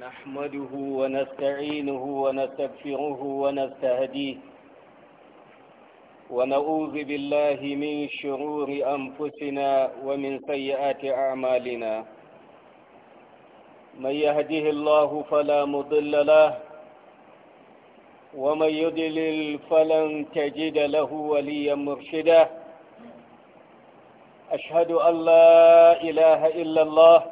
نحمده ونستعينه ونستغفره ونستهديه ونعوذ بالله من شرور أنفسنا ومن سيئات أعمالنا من يهده الله فلا مضل له ومن يضلل فلن تجد له وليا مرشدا أشهد أن لا إله إلا الله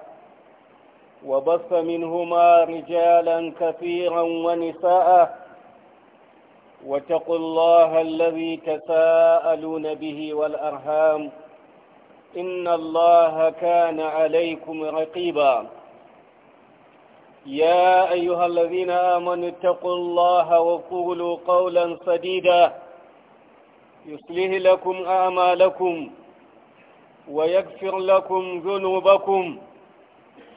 وبث منهما رجالا كثيرا ونساء واتقوا الله الذي تساءلون به والأرهام إن الله كان عليكم رقيبا يا أيها الذين آمنوا اتقوا الله وقولوا قولا سديدا يصلح لكم أعمالكم ويغفر لكم ذنوبكم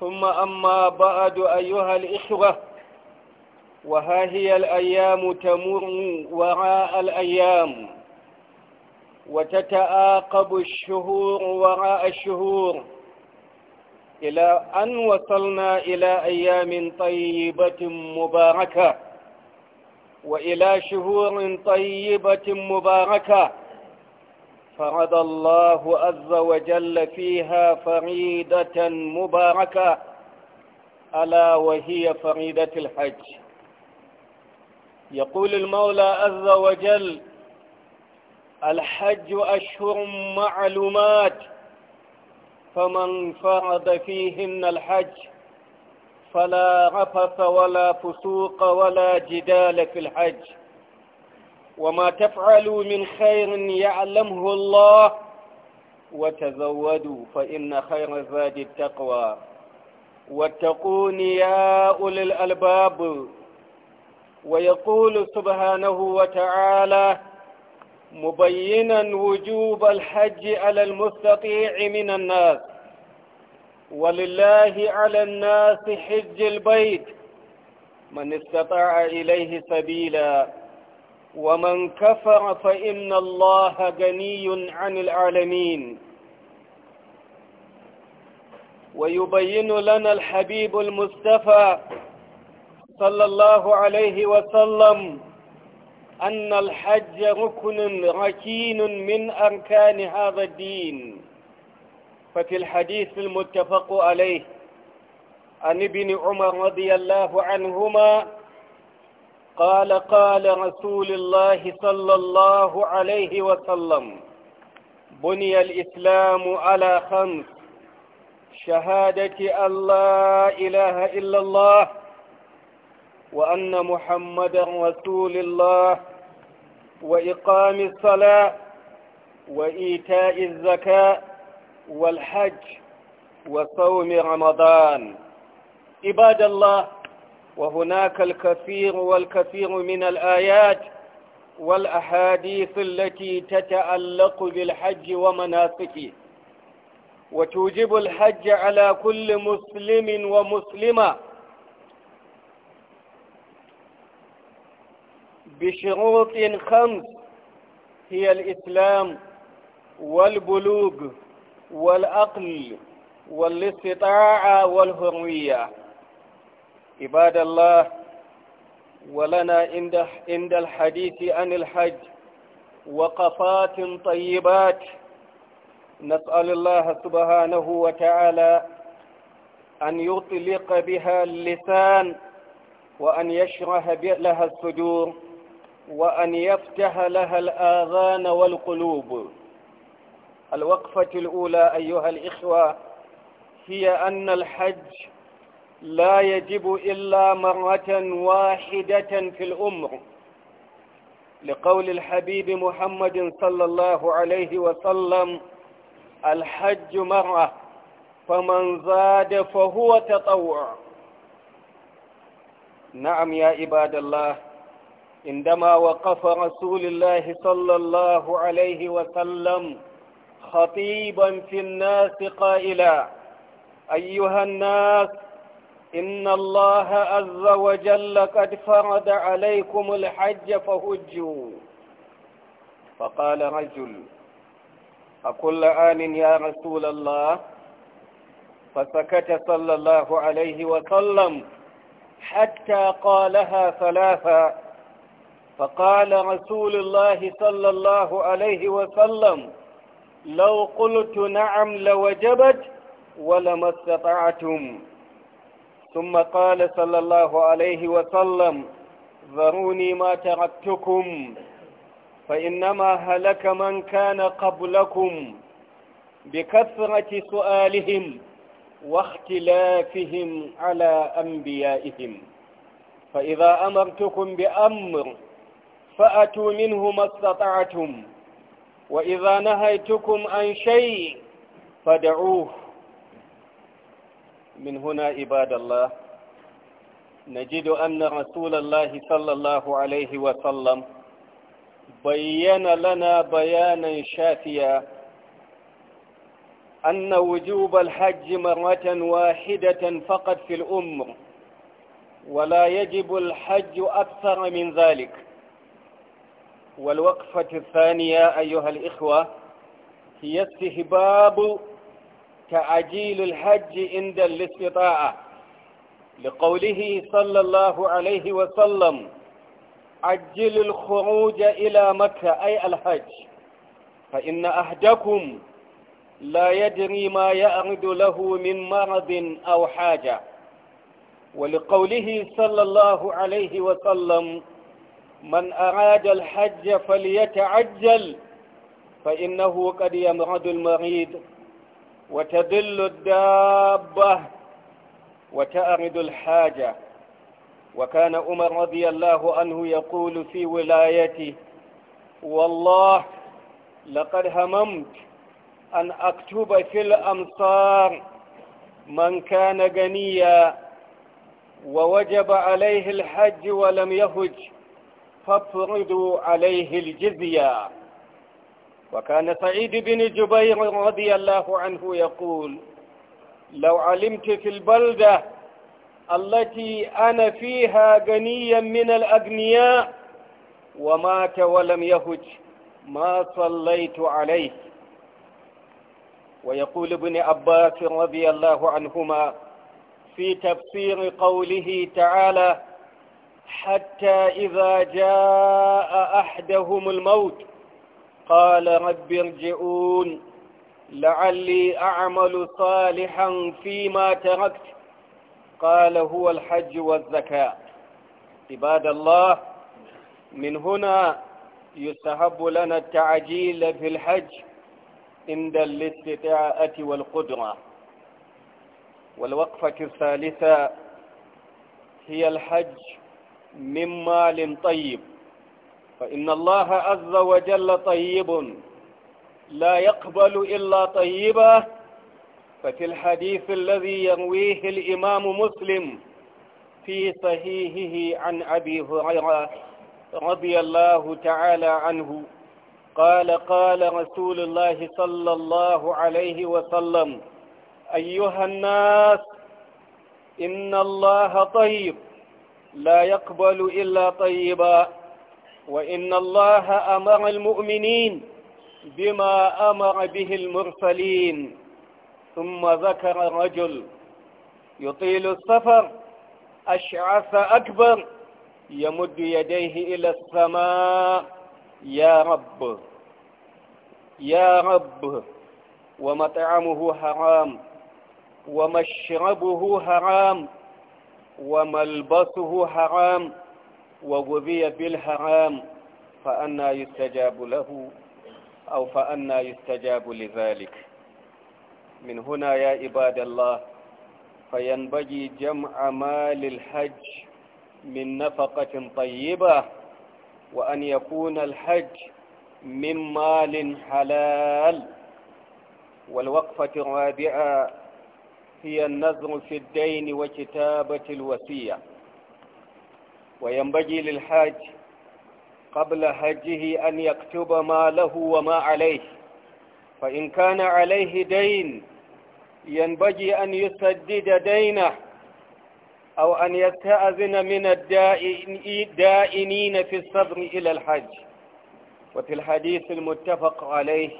ثم أما بعد أيها الإخوة وها هي الأيام تمر وراء الأيام وتتآقب الشهور وراء الشهور إلى أن وصلنا إلى أيام طيبة مباركة وإلى شهور طيبة مباركة فرض الله عز وجل فيها فريدة مباركة ألا وهي فريدة الحج يقول المولى عز وجل الحج أشهر معلومات فمن فرض فيهن الحج فلا رفث ولا فسوق ولا جدال في الحج وما تفعلوا من خير يعلمه الله وتزودوا فإن خير الزاد التقوى واتقون يا أولي الألباب ويقول سبحانه وتعالى مبينا وجوب الحج على المستطيع من الناس ولله على الناس حج البيت من استطاع إليه سبيلاً ومن كفر فإن الله غني عن العالمين ويبين لنا الحبيب المصطفى صلى الله عليه وسلم أن الحج ركن ركين من أركان هذا الدين ففي الحديث المتفق عليه عن ابن عمر رضي الله عنهما قال قال رسول الله صلى الله عليه وسلم بني الإسلام على خمس شهادة أن لا إله إلا الله وأن محمدا رسول الله وإقام الصلاة وإيتاء الزكاة والحج وصوم رمضان عباد الله وهناك الكثير والكثير من الآيات والأحاديث التي تتعلق بالحج ومناسكه وتوجب الحج على كل مسلم ومسلمة بشروط خمس هي الإسلام والبلوغ والأقل والاستطاعة والهروية عباد الله ولنا عند الحديث عن الحج وقفات طيبات نسأل الله سبحانه وتعالى أن يطلق بها اللسان وأن يشرح لها الصدور وأن يفتح لها الآذان والقلوب الوقفة الأولى أيها الإخوة هي أن الحج لا يجب إلا مرة واحدة في الأمر لقول الحبيب محمد صلى الله عليه وسلم الحج مرة فمن زاد فهو تطوع نعم يا عباد الله عندما وقف رسول الله صلى الله عليه وسلم خطيبا في الناس قائلا أيها الناس إن الله عز وجل قد فرض عليكم الحج فهجوا فقال رجل أكل آن يا رسول الله فسكت صلى الله عليه وسلم حتى قالها ثلاثا فقال رسول الله صلى الله عليه وسلم لو قلت نعم لوجبت ولما استطعتم ثم قال صلى الله عليه وسلم ذروني ما تركتكم فإنما هلك من كان قبلكم بكثرة سؤالهم واختلافهم على أنبيائهم فإذا أمرتكم بأمر فأتوا منه ما استطعتم وإذا نهيتكم عن شيء فدعوه من هنا عباد الله نجد أن رسول الله صلى الله عليه وسلم بين لنا بيانا شافيا أن وجوب الحج مرة واحدة فقط في الأم ولا يجب الحج أكثر من ذلك والوقفة الثانية أيها الإخوة هي استهباب تعجيل الحج عند الاستطاعة لقوله صلى الله عليه وسلم عجل الخروج إلى مكة أي الحج فإن أهدكم لا يدري ما يعرض له من مرض أو حاجة ولقوله صلى الله عليه وسلم من أراد الحج فليتعجل فإنه قد يمرض المريض وتدل الدابة وتأرد الحاجة وكان عمر رضي الله عنه يقول في ولايته والله لقد هممت أن أكتب في الأمصار من كان غنيا ووجب عليه الحج ولم يهج فافرضوا عليه الجزيه وكان سعيد بن جبير رضي الله عنه يقول لو علمت في البلدة التي أنا فيها غنيا من الأغنياء ومات ولم يهج ما صليت عليه ويقول ابن عباس رضي الله عنهما في تفسير قوله تعالى حتى إذا جاء أحدهم الموت قال رب ارجعون لعلي أعمل صالحا فيما تركت قال هو الحج والزكاة عباد الله من هنا يستحب لنا التعجيل في الحج عند الاستطاعة والقدرة والوقفة الثالثة هي الحج من مال طيب فإن الله عز وجل طيب لا يقبل إلا طيبا ففي الحديث الذي يرويه الإمام مسلم في صحيحه عن أبي هريرة رضي الله تعالى عنه قال قال رسول الله صلى الله عليه وسلم أيها الناس إن الله طيب لا يقبل إلا طيبا وإن الله أمر المؤمنين بما أمر به المرسلين ثم ذكر رجل يطيل السفر أشعث أكبر يمد يديه إلى السماء يا رب يا رب ومطعمه حرام ومشربه حرام وملبسه حرام وغذي بالحرام فأنا يستجاب له أو فأنا يستجاب لذلك من هنا يا عباد الله فينبغي جمع مال الحج من نفقة طيبة وأن يكون الحج من مال حلال والوقفة الرابعة هي النظر في الدين وكتابة الوسيئة وينبغي للحاج قبل حجه أن يكتب ما له وما عليه فإن كان عليه دين ينبغي أن يسدد دينه أو أن يستأذن من الدائنين في الصبر إلى الحج وفي الحديث المتفق عليه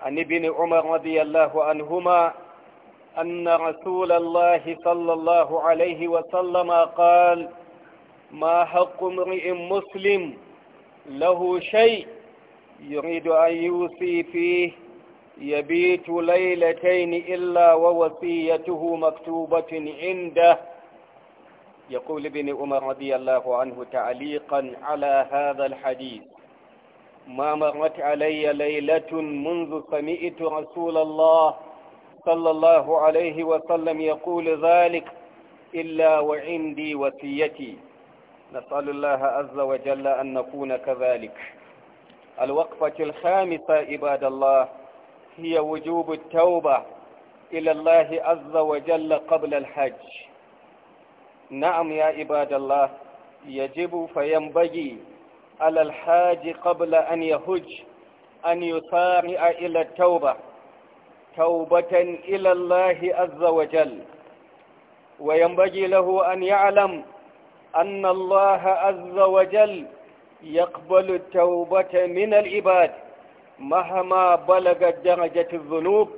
عن ابن عمر رضي الله عنهما أن رسول الله صلى الله عليه وسلم قال ما حق امرئ مسلم له شيء يريد أن يوصي فيه يبيت ليلتين إلا ووصيته مكتوبة عنده يقول ابن عمر رضي الله عنه تعليقا على هذا الحديث ما مرت علي ليلة منذ سمعت رسول الله صلى الله عليه وسلم يقول ذلك إلا وعندي وصيتي نسأل الله عز وجل أن نكون كذلك الوقفة الخامسة عباد الله هي وجوب التوبة إلى الله عز وجل قبل الحج نعم يا عباد الله يجب فينبغي على الحاج قبل أن يهج أن يسارع إلى التوبة توبة إلى الله عز وجل وينبغي له أن يعلم أن الله عز وجل يقبل التوبة من العباد مهما بلغت درجة الذنوب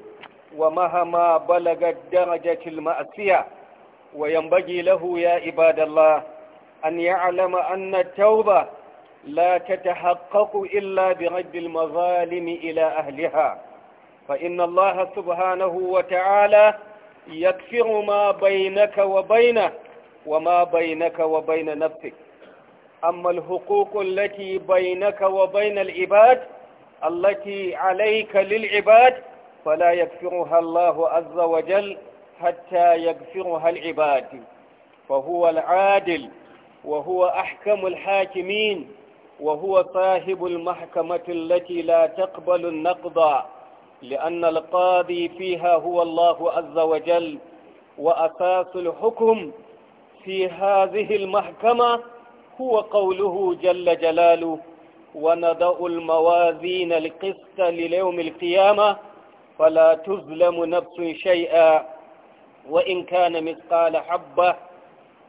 ومهما بلغت درجة المأسية وينبغي له يا عباد الله أن يعلم أن التوبة لا تتحقق إلا برد المظالم إلى أهلها فإن الله سبحانه وتعالى يكفر ما بينك وبينه وما بينك وبين نفسك أما الحقوق التي بينك وبين العباد التي عليك للعباد فلا يكفرها الله عز وجل حتى يكفرها العباد فهو العادل وهو أحكم الحاكمين وهو صاحب المحكمة التي لا تقبل النقض لأن القاضي فيها هو الله عز وجل وأساس الحكم في هذه المحكمة هو قوله جل جلاله ونضع الموازين القسط ليوم القيامة فلا تظلم نفس شيئا وإن كان مثقال حبة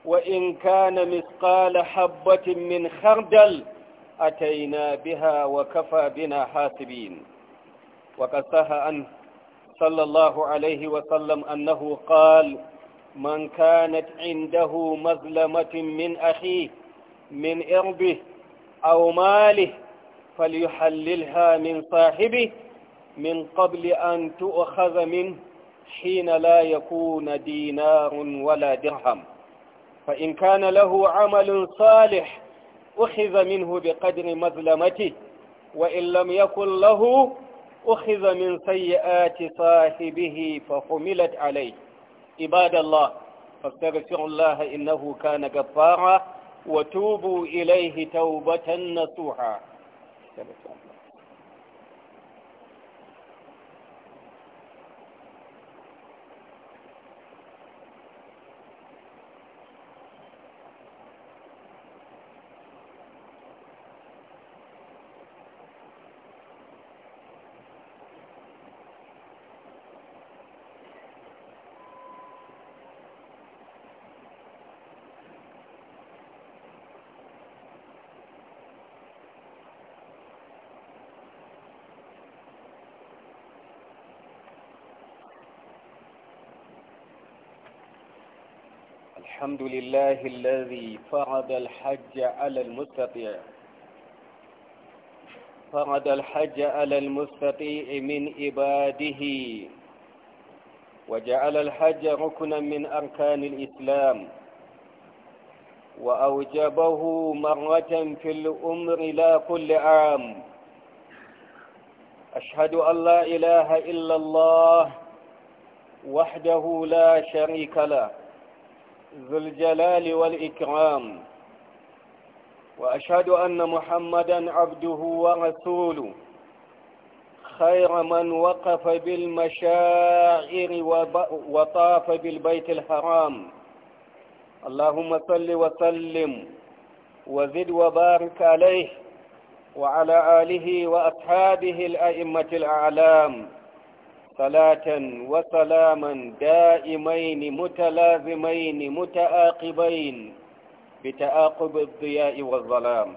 وإن كان مثقال حبة من خردل أتينا بها وكفى بنا حاسبين وقد صح عنه صلى الله عليه وسلم أنه قال من كانت عنده مظلمة من أخيه من إربه أو ماله فليحللها من صاحبه من قبل أن تؤخذ منه حين لا يكون دينار ولا درهم فإن كان له عمل صالح أخذ منه بقدر مظلمته وإن لم يكن له أخذ من سيئات صاحبه فحملت عليه عباد الله فاستغفروا الله إنه كان غفارا وتوبوا إليه توبة نصوحا الحمد لله الذي فرض الحج على المستطيع فرض الحج على المستطيع من عباده وجعل الحج ركنا من أركان الإسلام وأوجبه مرة في الأمر لا كل عام أشهد أن لا إله إلا الله وحده لا شريك له ذو الجلال والإكرام وأشهد أن محمدا عبده ورسوله خير من وقف بالمشاعر وطاف بالبيت الحرام اللهم صل وسلم وزد وبارك عليه وعلى آله وأصحابه الأئمة الأعلام صلاة وسلاما دائمين متلازمين متآقبين بتآقب الضياء والظلام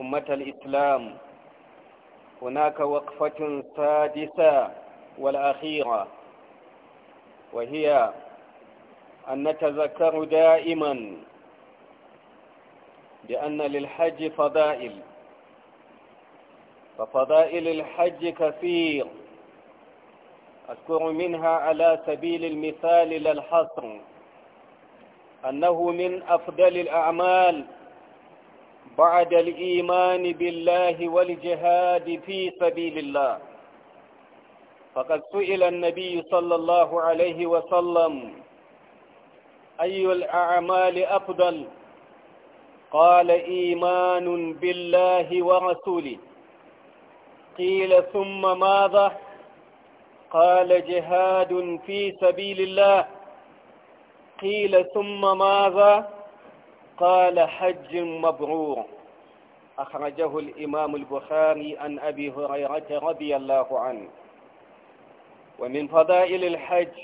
أمة الإسلام هناك وقفة سادسة والأخيرة وهي أن نتذكر دائما بأن للحج فضائل ففضائل الحج كثير أذكر منها على سبيل المثال للحصر أنه من أفضل الأعمال بعد الإيمان بالله والجهاد في سبيل الله فقد سئل النبي صلى الله عليه وسلم أي الأعمال أفضل قال إيمان بالله ورسوله قيل ثم ماذا؟ قال جهاد في سبيل الله قيل ثم ماذا قال حج مبرور أخرجه الإمام البخاري عن أبي هريرة رضي الله عنه ومن فضائل الحج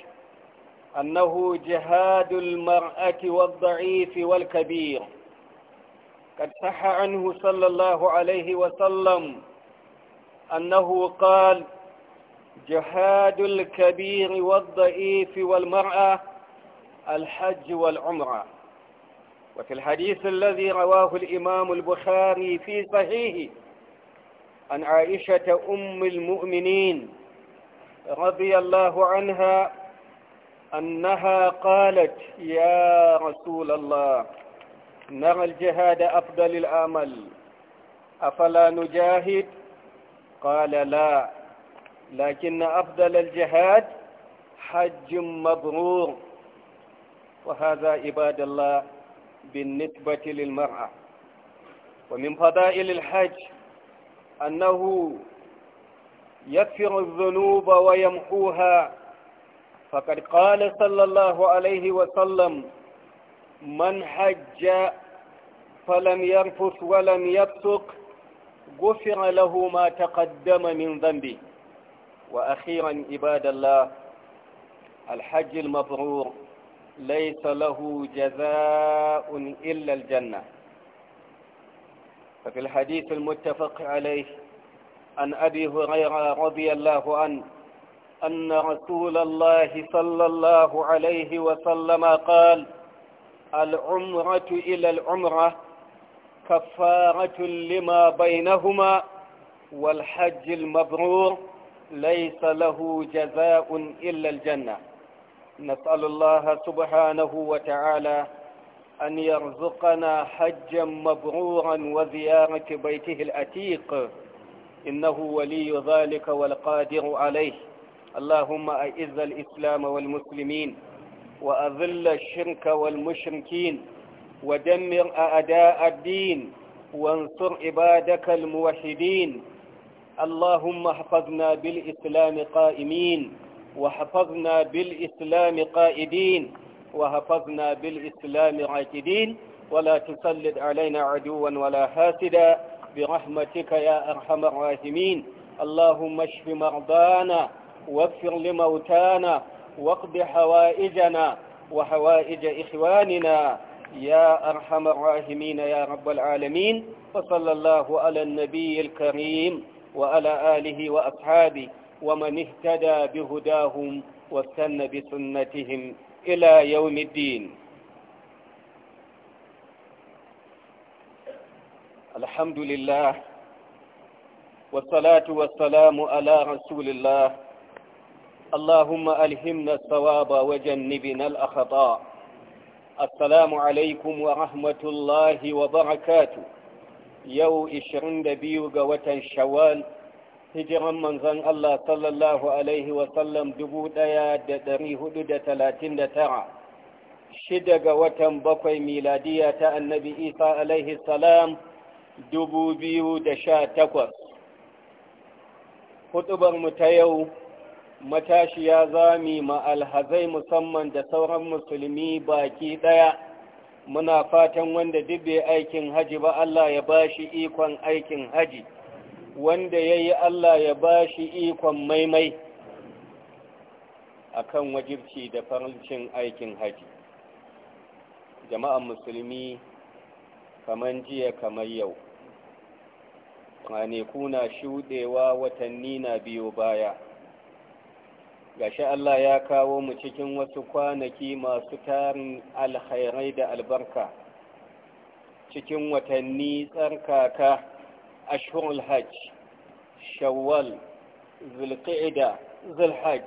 أنه جهاد المرأة والضعيف والكبير قد صح عنه صلى الله عليه وسلم أنه قال جهاد الكبير والضعيف والمرأة الحج والعمرة وفي الحديث الذي رواه الإمام البخاري في صحيحه عن عائشة أم المؤمنين رضي الله عنها أنها قالت يا رسول الله نرى الجهاد أفضل الأمل أفلا نجاهد قال لا لكن أفضل الجهاد حج مبرور وهذا عباد الله بالنسبة للمرأة ومن فضائل الحج أنه يكفر الذنوب ويمحوها فقد قال صلى الله عليه وسلم من حج فلم يرفث ولم يبسق غفر له ما تقدم من ذنبه وأخيرا عباد الله الحج المبرور ليس له جزاء إلا الجنة ففي الحديث المتفق عليه عن أبي هريرة رضي الله عنه أن رسول الله صلى الله عليه وسلم قال العمرة إلى العمرة كفارة لما بينهما والحج المبرور ليس له جزاء إلا الجنة نسأل الله سبحانه وتعالى أن يرزقنا حجا مبرورا وزيارة بيته الأتيق إنه ولي ذلك والقادر عليه اللهم أعز الإسلام والمسلمين وأذل الشرك والمشركين ودمر أعداء الدين وانصر عبادك الموحدين اللهم احفظنا بالإسلام قائمين وحفظنا بالإسلام قائدين وحفظنا بالإسلام عاكدين ولا تسلد علينا عدوا ولا حاسدا برحمتك يا أرحم الراحمين اللهم اشف مرضانا واغفر لموتانا واقض حوائجنا وحوائج إخواننا يا أرحم الراحمين يا رب العالمين وصلى الله على النبي الكريم وعلى آله وأصحابه ومن اهتدى بهداهم واستنى بسنتهم إلى يوم الدين الحمد لله والصلاة والسلام على رسول الله اللهم ألهمنا الصواب وجنبنا الأخطاء السلام عليكم ورحمة الله وبركاته yau 22 ga watan shawwal hijiran manzan Allah sallallahu Alaihi wasallam 1439 shida ga watan bakwai miladiya ta annabi isa alaihi salam 2018 hudubarmu ta yau matashiya zami ma alhazai musamman da sauran musulmi baki ɗaya. muna fatan wanda duk bai aikin haji ba Allah ya bashi ikon aikin haji wanda yayi Allah ya bashi ikon maimai akan wajibci da farancin aikin haji jama'an musulmi kaman jiya kamar yau ne kuna shudewa watanni na biyo baya gashi Allah ya kawo mu cikin wasu kwanaki masu tarin alhairai da albarka cikin watanni tsarkaka ashhurul hajj shawwal zulqa'ida zulhajj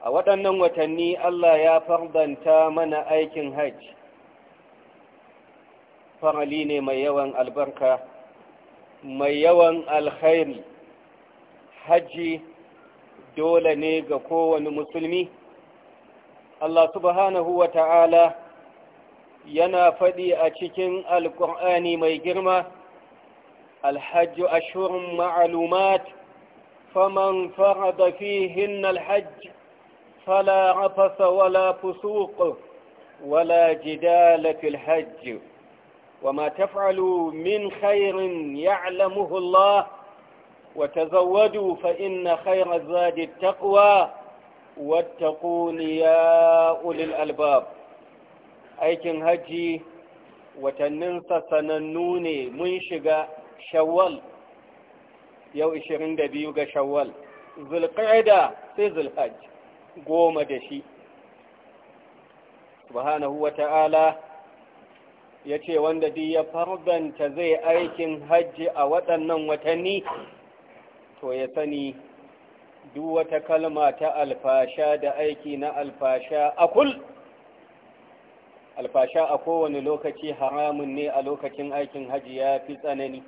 a waɗannan watanni Allah ya fardanta mana aikin hajj farali ne mai yawan albarka mai yawan alkhairi hajji dole ne ga kowane musulmi Allah subhanahu wa ta'ala yana faɗi a cikin alƙur'ani mai girma alhajju ashurin ma'alumat faman fi hin alhajj fala rafasa wala fusuq wala jidala fil hajj وما تفعلوا من خير يعلمه الله وتزودوا فإن خير الزاد التقوى واتقون يا أولي الألباب aikin hajji watanninsa sanannu ne mun shiga shawwal yau 22 ga shawwal zulqa'ida sai zulhajj goma da shi subhanahu wata'ala ya ce wanda duk ya fardanta zai aikin hajji a waɗannan watanni to ya sani duk wata kalma ta alfasha da aiki na alfasha a kul alfasha a kowane lokaci haramun ne a lokacin aikin hajji ya fi tsanani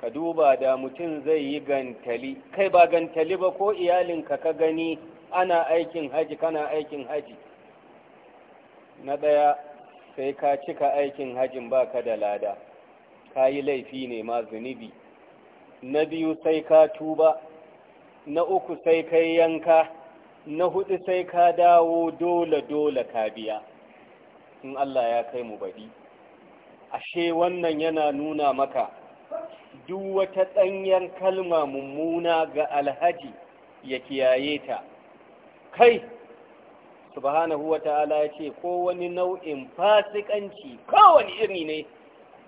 ka duba da mutum zai yi gantali kai ba gantali ba ko iyalinka ka gani ana aikin haji kana aikin haji na ɗaya sai ka cika aikin hajin baka da lada ka yi laifi ne ma zunubi na biyu sai ka tuba na uku sai ka yanka na hudu sai ka dawo dole-dole ka biya in Allah ya kai mu baɗi ashe wannan yana nuna maka duk wata ɗanyar kalma mummuna ga alhaji ya kiyaye ta kai subhanahu wa ta'ala ya ce ko wani nau'in fasikanci kowane iri ne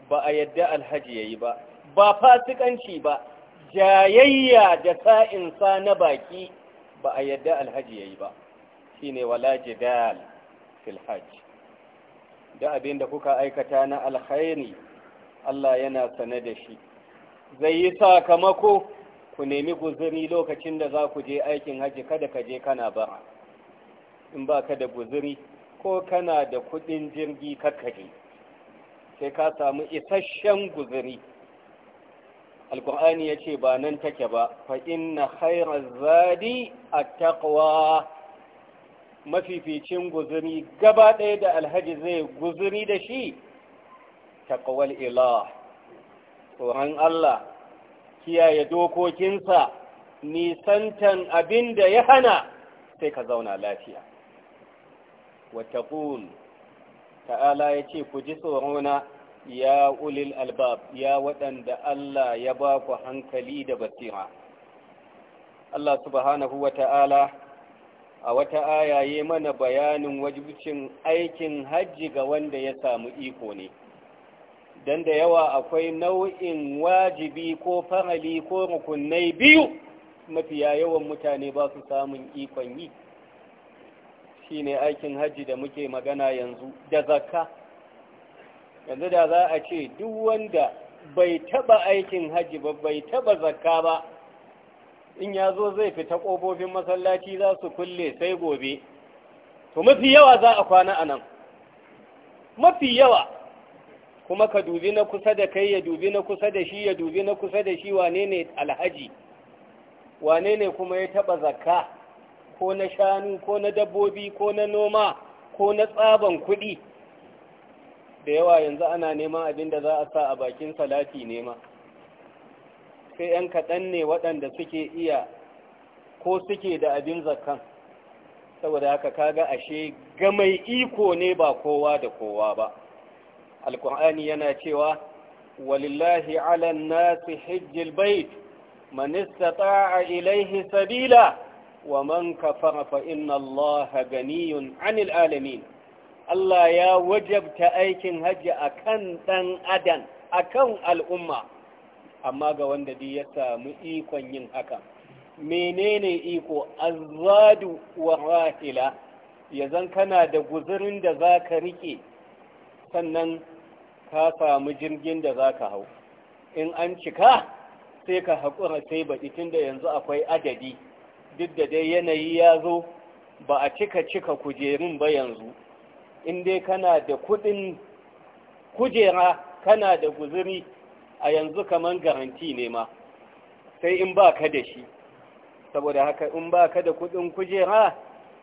ba a yadda alhaji ya yi ba ba fasikanci ba jayayya da sa'insa na baki ba a yadda alhaji ya yi ba shi ne wala jidal fil da abin da kuka aikata na alkhairi Allah yana sane da shi zai yi sakamako ku nemi guzuri lokacin da za ku je aikin hajji kada ka je kana ba in ba ka da guzuri ko kana da kudin jirgi kakkaje sai ka samu isasshen guzuri alkur'ani ya ce ba nan take ba fa inna khairar zadi a taƙwa mafificin guzuri gaba ɗaya da alhaji zai guzuri da shi taƙwal ilah tsoron Allah kiyaye dokokinsa nisantan abin da ya hana sai ka zauna lafiya wata ta'ala ya ce ku ji tsorona ya ulil albab ya waɗanda Allah ya ba ku hankali da basira Allah subhanahu wata'ala a wata aya ayaye mana bayanin wajibcin aikin hajji ga wanda ya samu iko ne Dan da yawa akwai nau'in wajibi ko farali ko rukunai biyu mafiya yawan mutane ba su samun ikon yi shi ne aikin hajji da muke magana yanzu da zakka yanzu da za a ce duk wanda bai taba aikin hajji ba bai taba zakka ba in ya zo zai fita ƙofofin masallaci za su kulle sai gobe to mafi yawa za a kwana a nan mafi yawa kuma ka dubi na kusa da kai ya dubi na kusa da shi ya dubi na kusa da shi wane ne alhaji wane ne kuma ya taba zakka ko na shanu ko na dabbobi ko na noma ko na tsaban kuɗi da yawa yanzu ana neman abin da za a sa a bakin salati nema sai 'yan kaɗan ne waɗanda suke iya ko suke da abin zakan saboda haka kaga ashe ga mai iko ne ba kowa da kowa ba alkur'ani yana cewa walillahi alan nasi hijjil bait manista ta'a ilaihi sabila wa man kafa fa inna allaha ganiyun 'anil alamin Allah ya wajabta aikin hajji a kan ɗan adam kan al'umma amma ga wanda dai ya samu ikon yin haka menene iko azadu wa rahila zan kana da guzurin da za ka rike sannan ka samu jirgin da za ka hau in an cika sai ka haƙura sai baɗi tun da yanzu akwai adadi duk da dai yanayi ya zo ba a cika cika kujerun ba yanzu in dai kana da kuɗin kujera kana da guzuri a yanzu kaman garanti ne ma sai in ba ka da shi saboda haka in ba ka da kuɗin kujera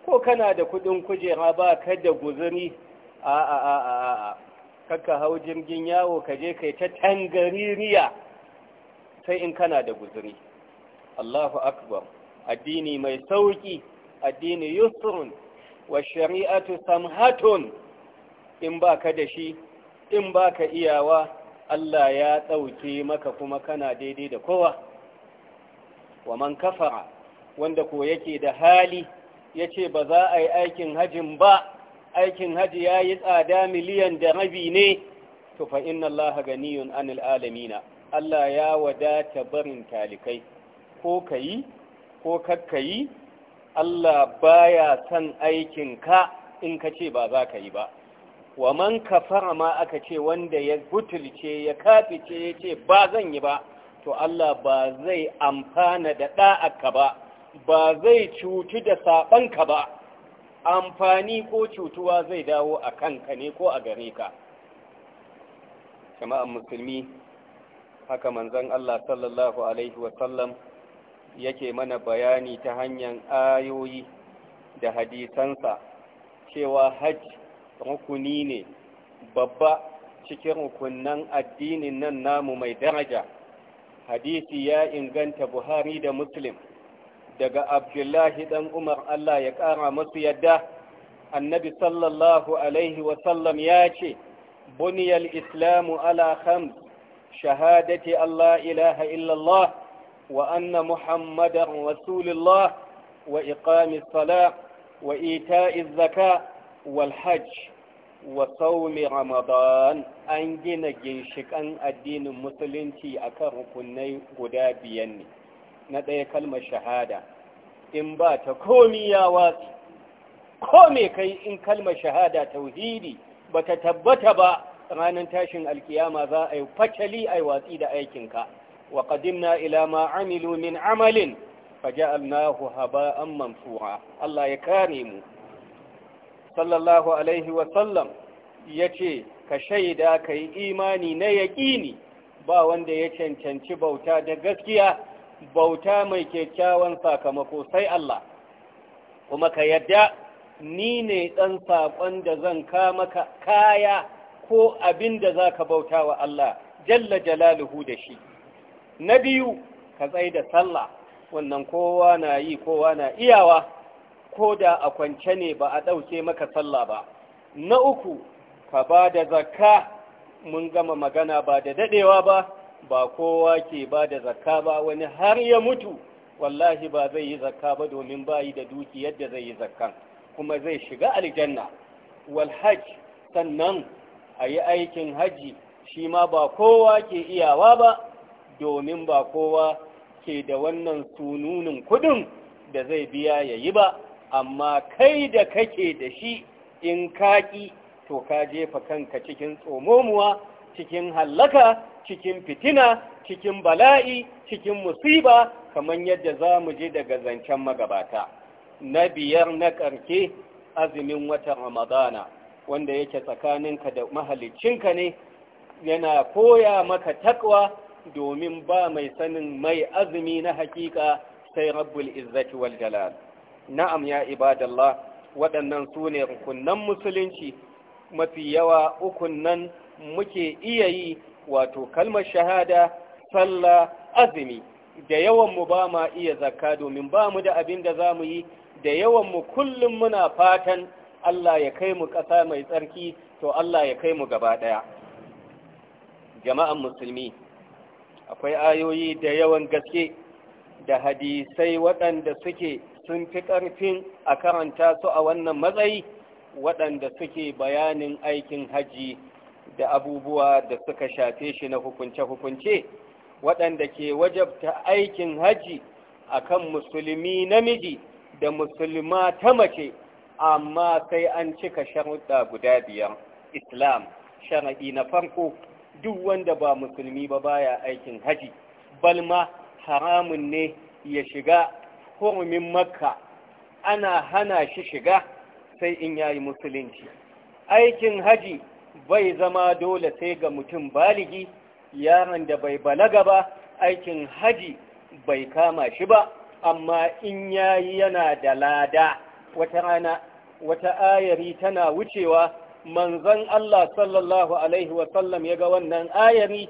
ko kana da kuɗin kujera ba ka da guzuri a a a a a kakka hau jirgin yawo ka je kai ta tangaririya sai in kana da guzuri Allahu akbar addini mai sauki addini yusrun wa shari'atu samhatun in ba ka da shi in ba baka iyawa Allah ya ɗauke maka kuma kana daidai da kowa wa man kafara wanda ko yake da hali yace ba za a yi aikin hajin ba aikin haji ya yi tsada miliyan da rabi ne to fa inna Allah ganiyun anil alamina Allah ya wadata barin talikai ko kayi ko kakkayi Allah baya son aikinka in ka ce ba za ka yi ba wa man fara ma aka ce wanda ya butulce ya kafice ya ce ba zan yi ba to Allah ba zai amfana da ɗa'aka ba ba zai cutu da saɓanka ba amfani ko cutuwa zai dawo a kanka ne ko a gare ka jama'an musulmi haka manzan Allah sallallahu alaihi wasallam yake mana bayani ta hanyar ayoyi da hadisansa cewa hajj rukuni ne babba cikin rukunan addinin nan namu mai daraja hadisi ya inganta buhari da muslim daga abdullahi dan umar allah ya kara masu yadda annabi sallallahu alaihi wasallam ya ce buniyar islamu ala hamd shahadati allah ilaha illallah وأن محمدا رسول الله وإقام الصلاة وإيتاء الزكاة والحج وصوم رمضان أن جن جنشك أن الدين المسلم تي أكر كني قدا بيني ندي كلمة شهادة إن بات كومي يا واسي كومي كي إن كلمة شهادة توحيدي بتتبت با ranar tashin alkiyama za a yi fatali a watsi da aikinka وقدمنا إلى ما عملوا من عمل فجعلناه هباء منثورا الله يكرم صلى الله عليه وسلم yace ka shaida ka yi imani na yaƙini ba wanda ya cancanci bauta da gaskiya bauta mai kyakkyawan sakamako sai Allah kuma ka yadda ni ne ɗan saƙon da zan kama kaya ko abin da za ka bauta wa Allah jalla jalaluhu da shi na biyu ka tsaye da sallah wannan kowa na yi kowa na iyawa ko da a kwance ne ba a ɗauke maka sallah ba na uku ka ba da zakka mun gama magana ba da daɗewa ba ba kowa ke ba da zakka ba wani har ya mutu wallahi ba zai yi zakka ba domin bayi da dukiyar da zai yi zakkan kuma zai shiga aljanna wal hajj sannan a yi aikin hajji shi ma ba kowa ke iyawa ba domin ba kowa ke da wannan sununin kudin da zai biya ya yi ba amma kai da kake da shi in kaƙi to ka jefa kanka cikin tsomomuwa cikin hallaka cikin fitina cikin bala'i cikin musiba kamar yadda za mu je daga zancen magabata na biyar na ƙarke azumin watan ramadana wanda yake tsakaninka da mahalicinka ne yana koya maka takwa domin ba mai sanin mai azumi na hakika sai rabbul izzati wal jalal na'am ya ibadallah waɗannan su ne rukunan musulunci mafi yawa ukunnan muke iya yi wato kalmar shahada sallah azumi da yawan mu ba ma iya zakka domin ba mu da abin da za mu yi da yawan mu kullum muna fatan Allah ya kai mu ƙasa mai tsarki to Allah ya kai mu gaba ɗaya jama'an musulmi akwai ayoyi da yawan gaske da hadisai waɗanda suke sun fi ƙarfin a karanta su a wannan matsayi waɗanda suke bayanin aikin haji da abubuwa da suka shafe shi na hukunce-hukunce waɗanda ke wajabta aikin haji a kan musulmi namiji da musulma ta mace amma sai an cika sharuɗa guda biyar islam sharaɗi na farko duk wanda ba musulmi ba baya aikin haji balma haramun ne ya shiga hurumin makka ana hana shi shiga sai in yayi musulunci aikin haji bai zama dole sai ga mutum baligi yaron da bai balaga ba aikin haji bai kama shi ba amma in yayi yana da lada wata rana wata ayari tana wucewa manzan Allah sallallahu alaihi wasallam ya ga wannan ayari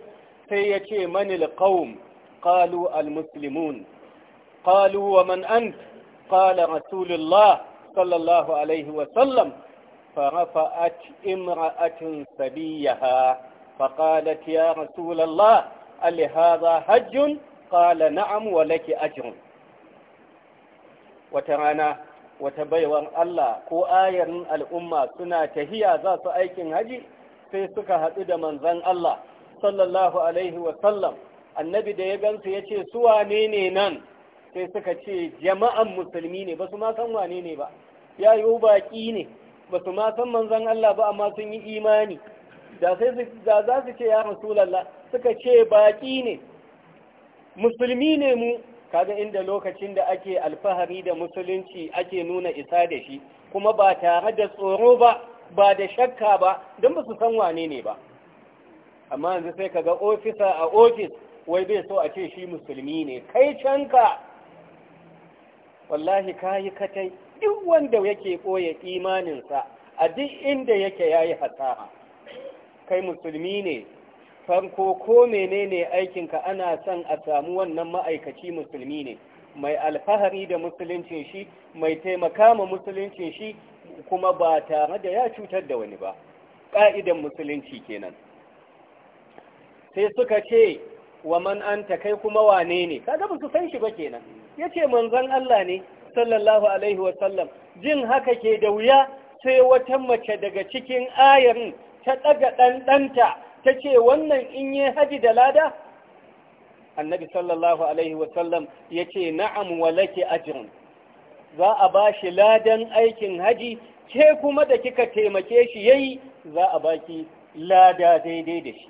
sai ya ce manil qaum qalu al muslimun ƙalu wa man ant qala rasulullah sallallahu alaihi wasallam فرفعت امرأة سبيها فقالت يا رسول الله ƙala na'am wa نعم ولك wata rana. wata baiwan Allah ko ayarin al'umma suna tahiya za su aikin haji sai suka haɗu da manzan Allah sallallahu alaihi wasallam annabi da ya gansu ya ce su wane ne nan sai suka ce jama'an musulmi ne ba su ma san wane ne ba ya yi baƙi ne ba su ma san manzan Allah ba amma sun yi imani da za su ce ya rasulallah suka ce baƙi ne musulmi ne mu kaga inda lokacin da ake alfahari da musulunci ake nuna isa da shi kuma ba tare da tsoro ba ba da shakka ba don ba su san wane ne ba amma yanzu sai kaga ofisa a ofis wai bai so a ce shi musulmi ne kai canka wallahi kayi katai duk wanda yake koya imaninsa a duk inda yake yayi hasara kai musulmi ne farko ko menene aikinka ana son a samu wannan ma'aikaci musulmi ne mai alfahari da musulunci shi mai taimaka ma musulunci shi kuma ba tare da ya cutar da wani ba ƙa'idan musulunci kenan sai suka ce wa man kai kuma wane ne kaga ba su san shi ba kenan ce manzon Allah ne sallallahu alaihi wa jin haka ke da wuya sai wata mace daga cikin ayarin ta ɗaga ɗanɗanta ta ce wannan in yi haji da lada annabi sallallahu alaihi wasallam ya ce na'am walake ajin. za a ba shi ladan aikin haji ke kuma da kika taimake shi ya yi? za a ba ki lada daidai da shi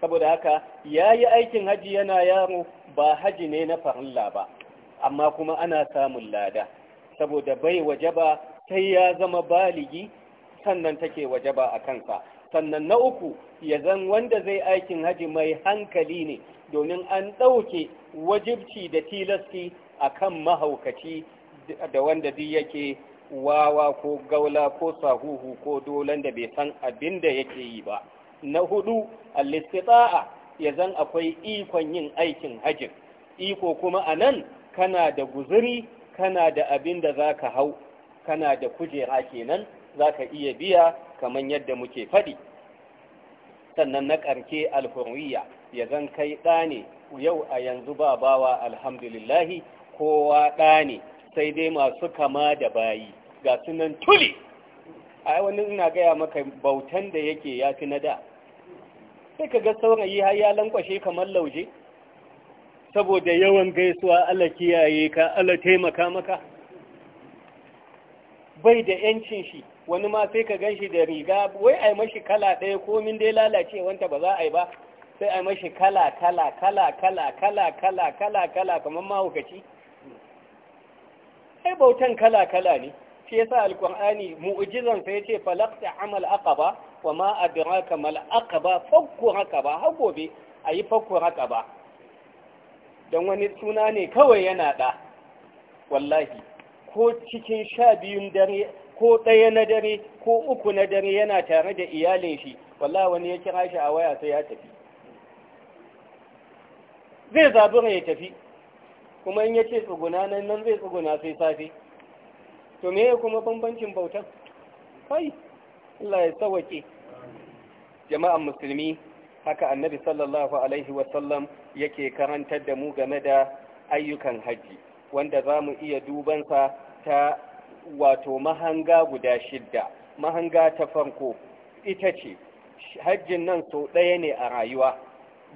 saboda haka ya yi aikin haji yana yaro ba haji ne na farilla ba amma kuma ana samun lada saboda bai waje ba sai ya zama baligi sannan take ba a kansa sannan na uku ya zan wanda zai aikin haji mai hankali ne domin an ɗauke wajibci da tilasti a kan mahaukaci da wanda duk yake wawa ko gaula ko sahuhu ko dolan da bai san abin da yake yi ba na hudu al-istita'a ya zan akwai ikon yin aikin hajin. iko kuma a nan kana da guzuri kana da abin da za ka hau kana da kujera kenan za ka iya biya kamar yadda muke faɗi sannan na ƙarke alhuriya ya zan kai ɗa ne yau a yanzu ba bawa alhamdulillahi kowa ɗa ne sai dai masu kama da bayi ga sunan tuli a wani ina gaya maka bautan da yake ya fi na da sai ka ga saurayi har ya lankwashe kamar lauje saboda yawan gaisuwa Allah kiyaye ka Allah taimaka maka bai da yancin shi wani ma sai ka gan shi da riga wai a yi mashi kala ɗaya komin dai wanta ba za a yi ba sai a yi mashi kala kala kala kala kala kala kala kala kamar mahaukaci ai bautan kala kala ne shi yasa alkur'ani mu'jizan sai ce falaqta amal aqaba wa ma adraka mal aqaba fakku ba har gobe ayi fakku ba dan wani suna ne kawai yana da wallahi ko cikin sha biyun dare ko ɗaya na dare ko uku na dare yana tare da iyalin shi wallahi wani ya kira shi a waya sai ya tafi zai zabura ya tafi kuma in ya ce tsuguna nan nan zai tsuguna sai safe to me kuma bambancin bautar kai Allah ya tsawake jama'an musulmi haka annabi sallallahu alaihi wasallam yake karantar da mu game da ayyukan hajji wanda za mu iya dubansa ta wato mahanga guda shidda mahanga ta farko ita ce hajjin nan sau ɗaya ne a rayuwa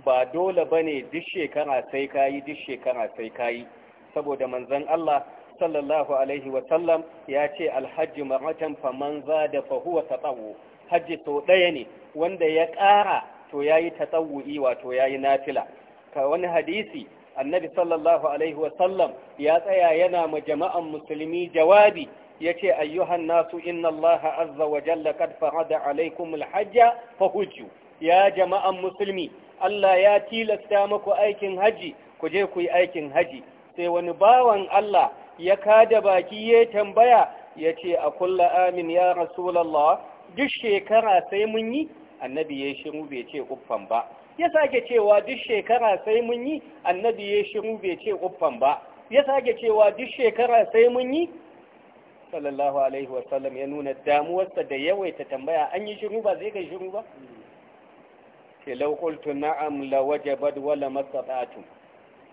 ba dole ba ne duk shekara sai kayi duk shekara sai kayi saboda manzan Allah sallallahu alaihi wasallam ya ce alhaji maratan faman za da fahuwa taɓawo hajji sau ɗaya ne wanda ya ƙara to yayi yi wato ya yi nafila ka wani hadisi annabi sallallahu alaihi wasallam ya tsaya yana ma jama'an musulmi jawabi yace ayyuhan nasu inna Allaha azza wa jalla qad farada alaikum alhajja hujju. ya jama'an musulmi Allah ya tilasta muku aikin haji ku je ku yi aikin haji sai wani bawan Allah ya kada baki ya tambaya yace a kulla amin ya rasulullah duk shekara sai mun yi annabi ya shiru bai ce uffan ba ya sake cewa duk shekara sai mun yi annabi ya shiru bai ce uffan ba ya sake cewa duk shekara sai mun yi sallallahu alaihi wasallam ya nuna damuwarsa da yawaita tambaya an yi shiru ba zai ga shiru ba ce laukultu na'am la wajabat wala mastata'tum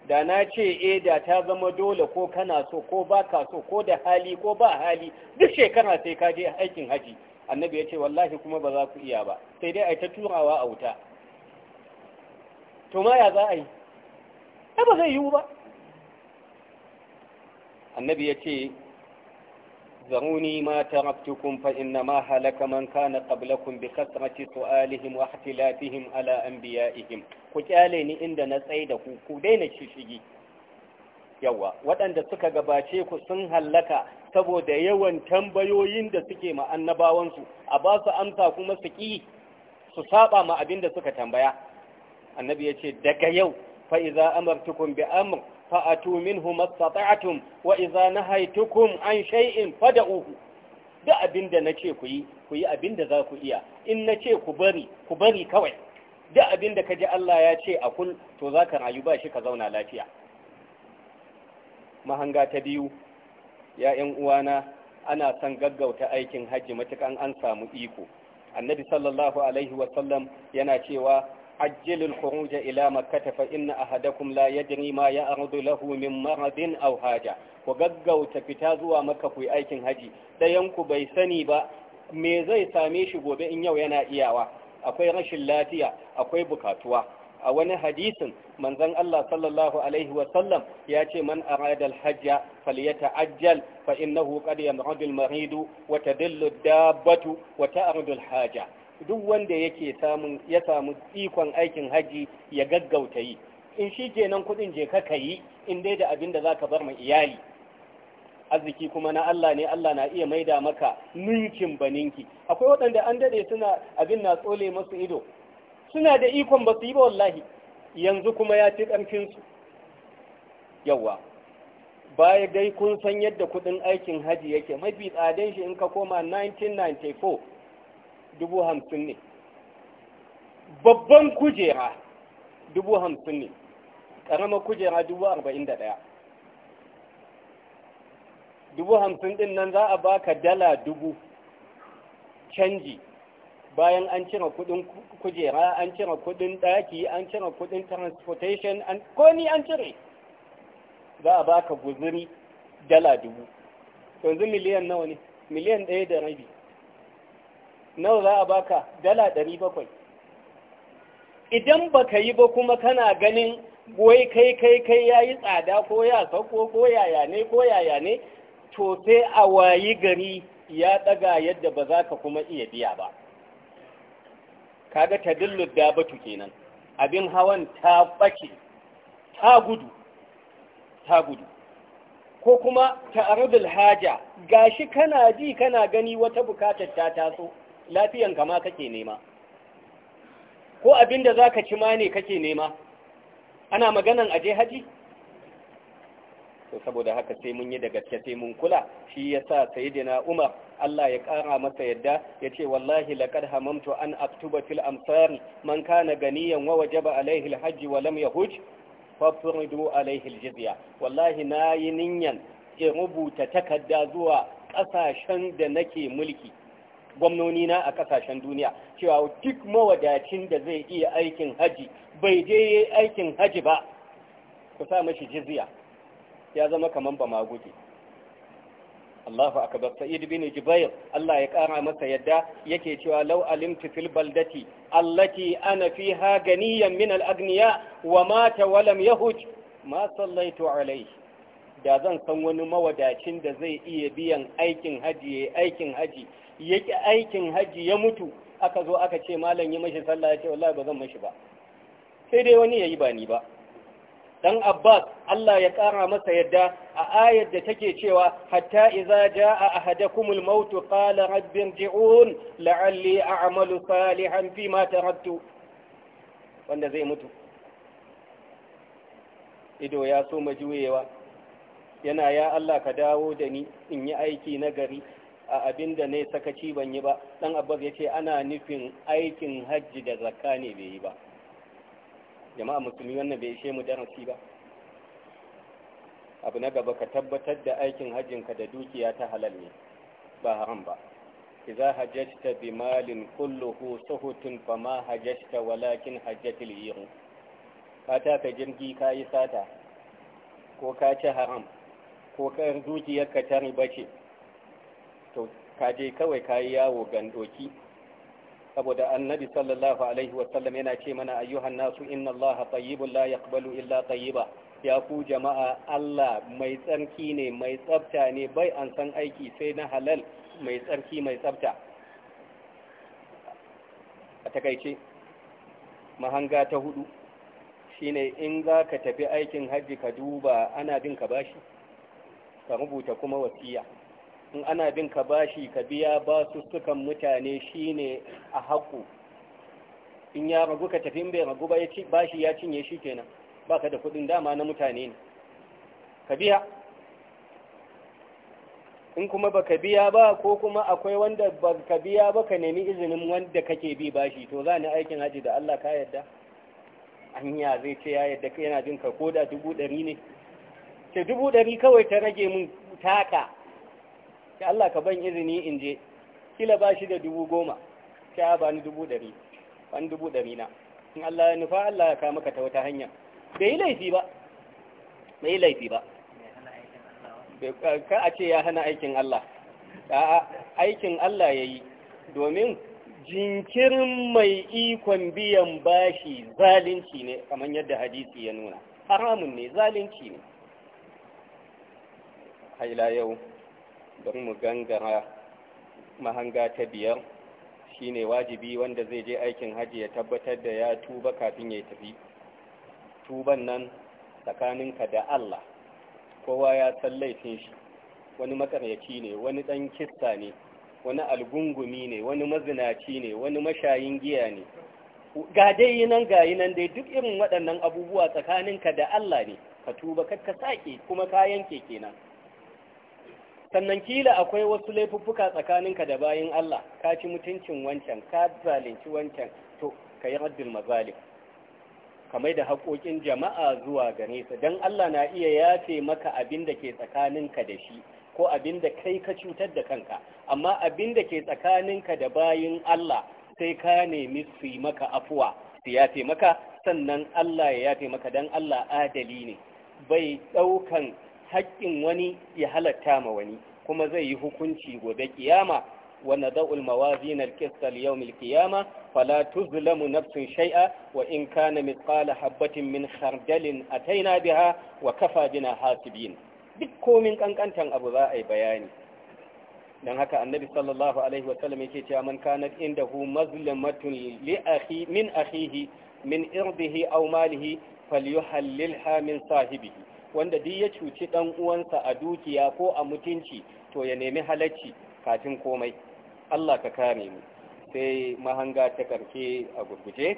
da na ce eh da ta zama dole ko kana so ko baka so ko da hali ko ba hali duk shekara sai ka je aikin haji annabi ya ce wallahi kuma ba za ku iya ba sai dai a ta turawa a wuta to ma ya za a yi ba zai yiwu ba annabi ya ce Zaruni na su ما تركتكم فإنما هلك من كان قبلكم بكثرة سؤالهم واختلافهم على أنبيائهم كتاليني ku نسعيده كودين الشيشي yawa waɗanda suka gabace ku sun hallaka saboda yawan tambayoyin da suke ma annabawansu a basu amsa kuma su ƙi su saba ma abinda suka tambaya annabi ya ce daga yau fa'iza amartukum bi amr fa'atu minhu mastata'tum wa na nahaytukum an shay'in fad'uhu da abinda nace ku yi ku yi abinda za ku iya in nace ku bari ku bari kawai da abinda kaji Allah ya ce a kul to zaka rayu ba shi ka zauna lafiya mahanga ta biyu ya yan uwana ana son gaggauta aikin hajji matukan an samu iko annabi sallallahu alaihi wasallam yana cewa عجل الخروج إلى مكة فإن أحدكم لا يدري ما يعرض له من مرض أو حاجة وققوا تفتازوا مكة في أيكن هجي دينكو بيسني با ميزي ساميشي بوبئن يو ينا إياوا أكوي رش اللاتية أكوي بكاتوا أولا حديث من ذن الله صلى الله عليه وسلم ياتي من أراد الحج فليتعجل فإنه قد يمرض المريض وتدل الدابة وتأرد الحاجة duk wanda yake samun ya samu ikon aikin haji ya gaggauta yi in shi kenan kudin je ka yi in dai da abin da zaka bar ma iyali arziki kuma na Allah ne Allah na iya maida maka ninkin baninki akwai waɗanda an dade suna abin na tsole masu ido suna da ikon ba su yi ba wallahi yanzu kuma ya ci ƙarfin su yawa baya dai kun san yadda kudin aikin haji yake mafi tsadan shi in ka koma 1994 dubu hamsin ne babban kujera dubu hamsin ne ƙaramar kujera dubu arba'in da ɗaya dubu hamsin ɗin nan za a baka dala dubu canji bayan an cire kudin kujera an cire kudin daki an cire kudin transportation an ni an cire za a baka guzuri dala dubu yanzu miliyan nawa ne miliyan ɗaya da rabi nawa za a baka dala ɗari bakwai idan baka yi ba kuma kana ganin wai kai kai kai ya yi tsada ko ya sauko ko yaya ne ko yaya ne to sai a wayi gari ya ɗaga yadda ba za ka kuma iya biya ba kaga ta dillu dabatu kenan abin hawan ta ɓace ta gudu ta gudu ko kuma ta'arudul haja gashi kana ji kana gani wata bukatar ta taso Lafiyanka ma kake nema ko abin da za ka ci ma ne kake nema ana maganan aje haji to saboda haka sai mun yi da gaske sai mun kula shi ya yasa dina Umar Allah ya ƙara masa yadda ya ce, wallahi laƙar hamamto an aktuba fil amsar man kana ganiyan wa wajaba alaihi Hajji, wa lam yahuj fafridu alaihi aljizya wallahi nayi ninyan in rubuta takarda zuwa ƙasashen da nake mulki gwamnoni na a kasashen duniya cewa duk mawadacin da zai iya aikin haji bai je aikin haji ba ku sa mashi jizya ya zama kaman ba maguji Allahu akbar Sa'id bin Jubair Allah ya kara masa yadda yake cewa law alimtu fil baldati allati ana fiha ganiyan min al agniya wa mata wa lam yahuj ma sallaitu alayhi da zan san wani mawadacin da zai iya biyan aikin haji aikin haji ya aikin hajji ya mutu aka zo aka ce malam yi mashi sallah ya ce wallahi ba zan mashi ba sai dai wani ya yi ba ni ba dan abbas Allah ya ƙara masa yadda a ayar da take cewa hatta iza jaa ahadakumul maut qala rabbin ji'un la'alli a'malu salihan fi ma taraktu wanda zai mutu ido ya so majuyewa yana ya Allah ka dawo da ni in yi aiki na gari a abin da ne sakaci ban yi ba dan abbas ya ce ana nufin aikin hajji da zakka ne bai yi ba jama'a musulmi wannan bai ishe mu darasi ba abu na gaba ka tabbatar da aikin hajjinka da dukiya ta halal ne ba haram ba idza hajjata bi malin kulluhu suhutun fama hajjata walakin hajjatil yihu ka jirgi ka yi sata ko ka ci haram ko ka ta riba ce to kaje kawai kayi yawo gandoki saboda annabi sallallahu alaihi wasallam yana ce mana ayyuhan nasu inna allaha tayyibun la yaqbalu illa tayyiba ya ku jama'a Allah mai tsarki ne mai tsafta ne bai an san aiki sai na halal mai tsarki mai tsafta a takaice mahanga ta hudu shine in za ka tafi aikin hajji ka duba ana bin ka bashi ka rubuta kuma wasiya in ana bin ka bashi ka biya ba su sukan mutane shine a haƙu in ya ragu ka tafi in bai ragu ba bashi ya cinye shi kenan baka da kudin dama na mutane ne ka biya in kuma baka biya ba ko kuma akwai wanda baka biya ba ka nemi izinin wanda kake bi bashi to za ni aikin haji da Allah ka yadda anya zai ce ya yadda yana jin ka koda dubu ɗari ne ce dubu ɗari kawai ta rage mun taka sai Allah ka ban izini in je kila ba shi da dubu goma sai ya bani dubu ɗari ban dubu ɗari na in Allah ya nufa Allah ya ka maka ta wata hanya bai yi laifi ba bai yi laifi ba ka a ce ya hana aikin Allah a'a aikin Allah ya yi domin jinkirin mai ikon biyan bashi zalunci ne kamar yadda hadisi ya nuna haramun ne zalunci ne haila yau bari mu gangara mahanga ta biyar shi ne wajibi wanda zai je aikin hajji ya tabbatar da ya tuba kafin ya tafi tuban nan tsakaninka da Allah kowa ya san laifin shi wani makaryaci ne wani dan kista ne wani algungumi ne wani mazinaci ne wani mashayin giya ne ga dai nan ga nan dai duk irin waɗannan abubuwa tsakaninka da Allah ne ka tuba ka sake kuma ka yanke kenan sannan kila akwai wasu laifuffuka tsakaninka da bayin Allah ka ci mutuncin wancan ka zalunci wancan to ka yi raddin mazalim kamar da haƙoƙin jama'a zuwa gare su don Allah na iya yafe maka abin da ke tsakaninka da shi ko abin da kai ka cutar da kanka amma abin da ke tsakaninka da bayin Allah sai ka nemi su yi maka afuwa su yafe maka sannan Allah ya yafe maka don Allah adali ne bai ɗaukan haƙƙin wani ya halatta ma wani kuma zai yi hukunci gobe kiyama wa nada'ul mawazin al-qist al-yawm al-qiyama fala tuzlamu nafsun shay'a wa in kana mithqala habatin min khardalin ataina biha wa kafa bina hasibin duk komin kankantan abu za a yi bayani dan haka annabi sallallahu alaihi wasallam yake cewa man kanat indahu mazlamatun li akhi min akhihi min irdihi aw malihi falyuhallilha min sahibihi wanda duk ya cuci ɗan uwansa a dukiya ko a mutunci to ya nemi halacci kafin komai Allah ka kare mu sai mahanga ta karke a gurguje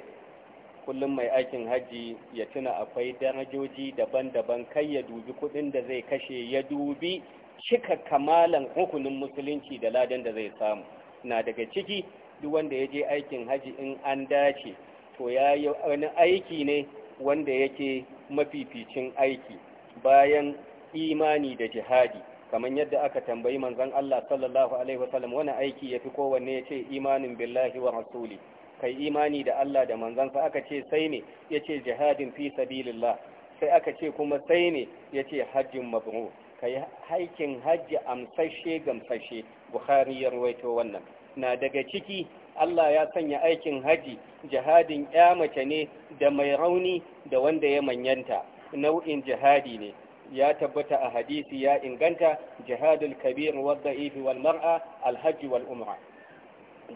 kullum mai aikin hajji ya tuna akwai darajoji daban-daban kai ya dubi kudin da zai kashe ya dubi cika kamalan hukunin musulunci da ladan da zai samu na daga ciki duk wanda ya je aikin hajji in an dace to ya yi wani aiki ne wanda yake mafificin aiki bayan imani da jihadi kamar yadda aka tambayi manzan Allah sallallahu alaihi wasallam wani aiki yafi kowanne yace imanin billahi wa rasuli kai imani da Allah da manzansa aka ce sai ne yace jihadin fi sabilillah sai aka ce kuma sai ne yace hajjin mabru kai haikin hajji amsashe gamsashe bukhari ya ruwaito wannan na daga ciki Allah ya sanya aikin haji jihadin ya mace ne da mai rauni da wanda ya manyanta nau'in jihadi ne ya tabbata a hadisi ya inganta jihadul kabir wa ifi wal mar'a alhaji wal umra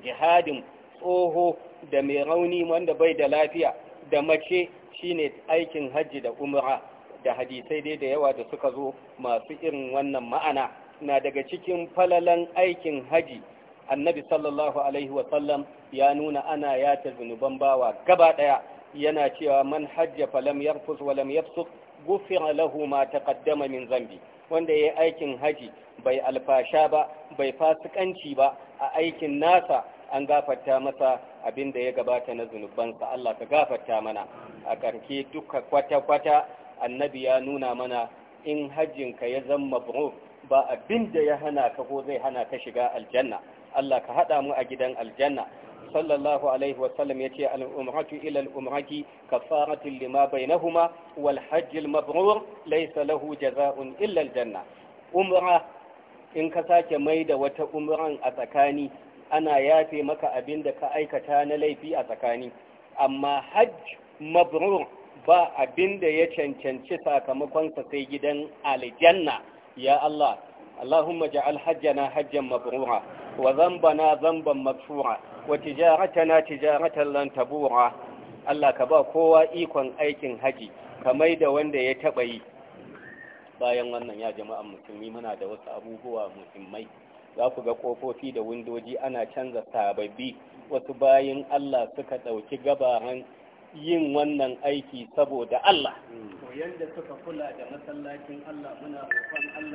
jihadin tsoho da mai rauni wanda bai da lafiya da mace shine aikin hajji da umra da hadisai dai da yawa da suka zo masu irin wannan ma'ana na daga cikin falalan aikin haji annabi sallallahu alaihi wasallam ya nuna ana ya ta zunuban bawa gaba daya yana cewa man hajja falam yarfus lam yafsuq gufira lahu ma taqaddama min zambi wanda yayi aikin haji bai alfasha ba bai fasikanci ba a aikin nasa an gafarta masa abinda ya gabata na zunubansa Allah ka gafarta mana a karke duka kwata-kwata annabi ya nuna mana in hajjin ka ya zama mabrur ba abinda ya hana ka ko zai hana ka shiga aljanna Allah ka haɗa mu a gidan aljanna sallallahu alaihi wasallam ya ce al'umratu ilal al'umrati kafaratun lima bainahuma wal hajjil mabrur laisa lahu jaza'un illal janna umra in ka sake mai da wata umran a tsakani ana yafe maka abin da ka aikata na laifi a tsakani amma hajj mabrur ba abin da ya cancanci sakamakonsa sai gidan aljanna ya Allah Allahumma ja'al hajjana hajjan mabrura وذنبنا ذنبا مغفورا وتجارتنا تجارة لن تبورا Allah ka ba kowa ikon aikin haji kamar da wanda ya taɓa yi bayan wannan ya jama'an musulmi muna da wasu abubuwa muhimmai za ku ga kofofi da windoji ana canza sababbi wasu bayan Allah suka ɗauki gabaran yin wannan aiki saboda Allah. To yadda suka kula da masallacin Allah muna